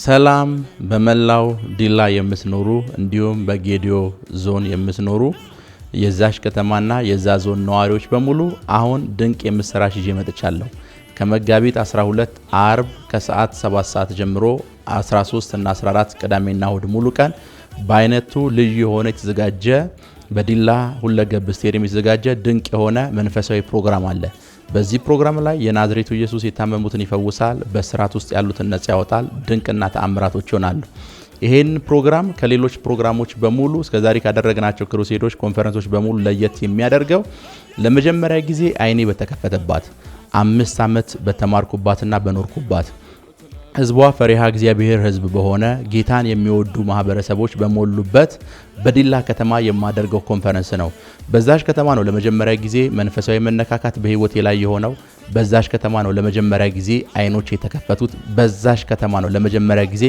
ሰላም በመላው ዲላ የምትኖሩ እንዲሁም በጌዲዮ ዞን የምትኖሩ የዛሽ ከተማና የዛ ዞን ነዋሪዎች በሙሉ አሁን ድንቅ የምስራች ይዤ መጥቻለሁ። ከመጋቢት 12 አርብ ከሰዓት 7 ሰዓት ጀምሮ 13 እና 14 ቅዳሜና እሁድ ሙሉ ቀን በአይነቱ ልዩ የሆነ የተዘጋጀ በዲላ ሁለገብ ስቴዲየም የተዘጋጀ ድንቅ የሆነ መንፈሳዊ ፕሮግራም አለ። በዚህ ፕሮግራም ላይ የናዝሬቱ ኢየሱስ የታመሙትን ይፈውሳል፣ በስርዓት ውስጥ ያሉትን ነጻ ያወጣል፣ ድንቅና ተአምራቶች ይሆናሉ። ይህን ፕሮግራም ከሌሎች ፕሮግራሞች በሙሉ እስከዛሬ ካደረግናቸው ክሩሴዶች፣ ኮንፈረንሶች በሙሉ ለየት የሚያደርገው ለመጀመሪያ ጊዜ አይኔ በተከፈተባት አምስት ዓመት በተማርኩባትና በኖርኩባት ህዝቧ ፈሪሃ እግዚአብሔር ህዝብ በሆነ ጌታን የሚወዱ ማህበረሰቦች በሞሉበት በዲላ ከተማ የማደርገው ኮንፈረንስ ነው። በዛሽ ከተማ ነው ለመጀመሪያ ጊዜ መንፈሳዊ መነካካት በህይወቴ ላይ የሆነው። በዛሽ ከተማ ነው ለመጀመሪያ ጊዜ አይኖች የተከፈቱት። በዛሽ ከተማ ነው ለመጀመሪያ ጊዜ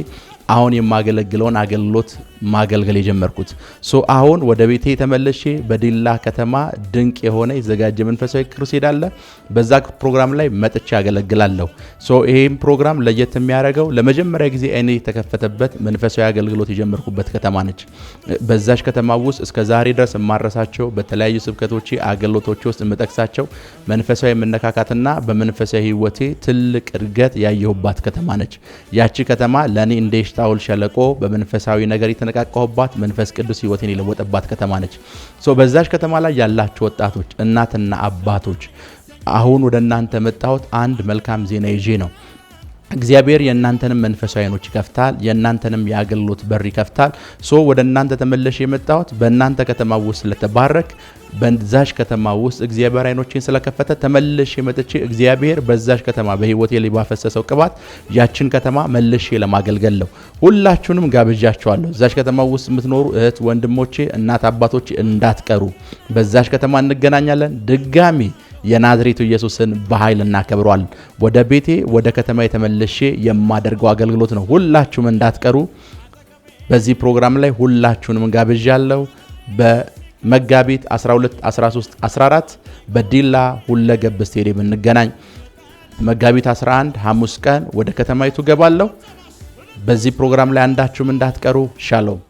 አሁን የማገለግለውን አገልግሎት ማገልገል የጀመርኩት። አሁን ወደ ቤቴ ተመለሼ በዲላ ከተማ ድንቅ የሆነ የተዘጋጀ መንፈሳዊ ክሩሴድ አለ። በዛ ፕሮግራም ላይ መጥቼ ያገለግላለሁ። ይህም ፕሮግራም ለየት የሚያደርገው ለመጀመሪያ ጊዜ አይኔ የተከፈተበት መንፈሳዊ አገልግሎት የጀመርኩበት ከተማ ነች። በዛች ከተማ ውስጥ እስከ ዛሬ ድረስ የማረሳቸው በተለያዩ ስብከቶቼ፣ አገልግሎቶቼ ውስጥ የምጠቅሳቸው መንፈሳዊ መነካካትና በመንፈሳዊ ሕይወቴ ትልቅ እድገት ያየሁባት ከተማ ነች። ያቺ ከተማ ለእኔ እንደ ጣውል ሸለቆ በመንፈሳዊ ነገር የተነቃቀሁባት መንፈስ ቅዱስ ህይወቴን የለወጠባት ከተማ ነች። በዛች ከተማ ላይ ያላችሁ ወጣቶች እናትና አባቶች አሁን ወደ እናንተ መጣሁት አንድ መልካም ዜና ይዤ ነው። እግዚአብሔር የእናንተንም መንፈሳዊ አይኖች ይከፍታል። የእናንተንም የአገልግሎት በር ይከፍታል። ሶ ወደ እናንተ ተመለሽ የመጣሁት በእናንተ ከተማ ውስጥ ስለተባረክ በዛሽ ከተማ ውስጥ እግዚአብሔር አይኖችን ስለከፈተ ተመልሽ መጥቼ እግዚአብሔር በዛሽ ከተማ በህይወቴ ላይ ባፈሰሰው ቅባት ያችን ከተማ መልሼ ለማገልገል ነው። ሁላችሁንም ጋብዣችኋለሁ። እዛሽ ከተማ ውስጥ የምትኖሩ እህት ወንድሞቼ፣ እናት አባቶቼ እንዳትቀሩ። በዛሽ ከተማ እንገናኛለን ድጋሚ የናዝሬቱ ኢየሱስን በኃይል እናከብረዋለን። ወደ ቤቴ ወደ ከተማ የተመልሼ የማደርገው አገልግሎት ነው። ሁላችሁም እንዳትቀሩ። በዚህ ፕሮግራም ላይ ሁላችሁንም ጋብዣለሁ። መጋቢት 12፣ 13፣ 14 በዲላ ሁለገብ ስቴዲየም እንገናኝ። መጋቢት 11 ሐሙስ ቀን ወደ ከተማይቱ ገባለሁ። በዚህ ፕሮግራም ላይ አንዳችሁም እንዳትቀሩ። ሻሎም